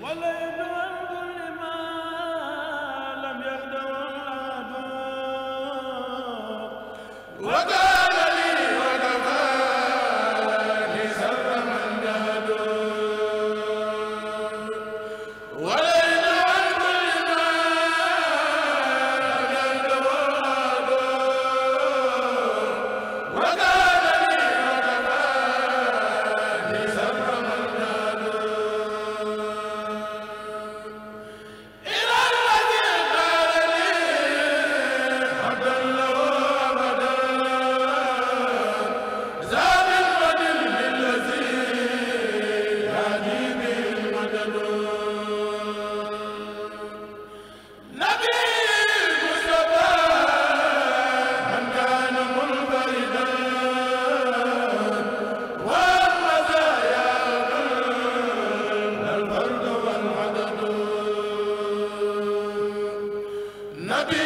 What Nabi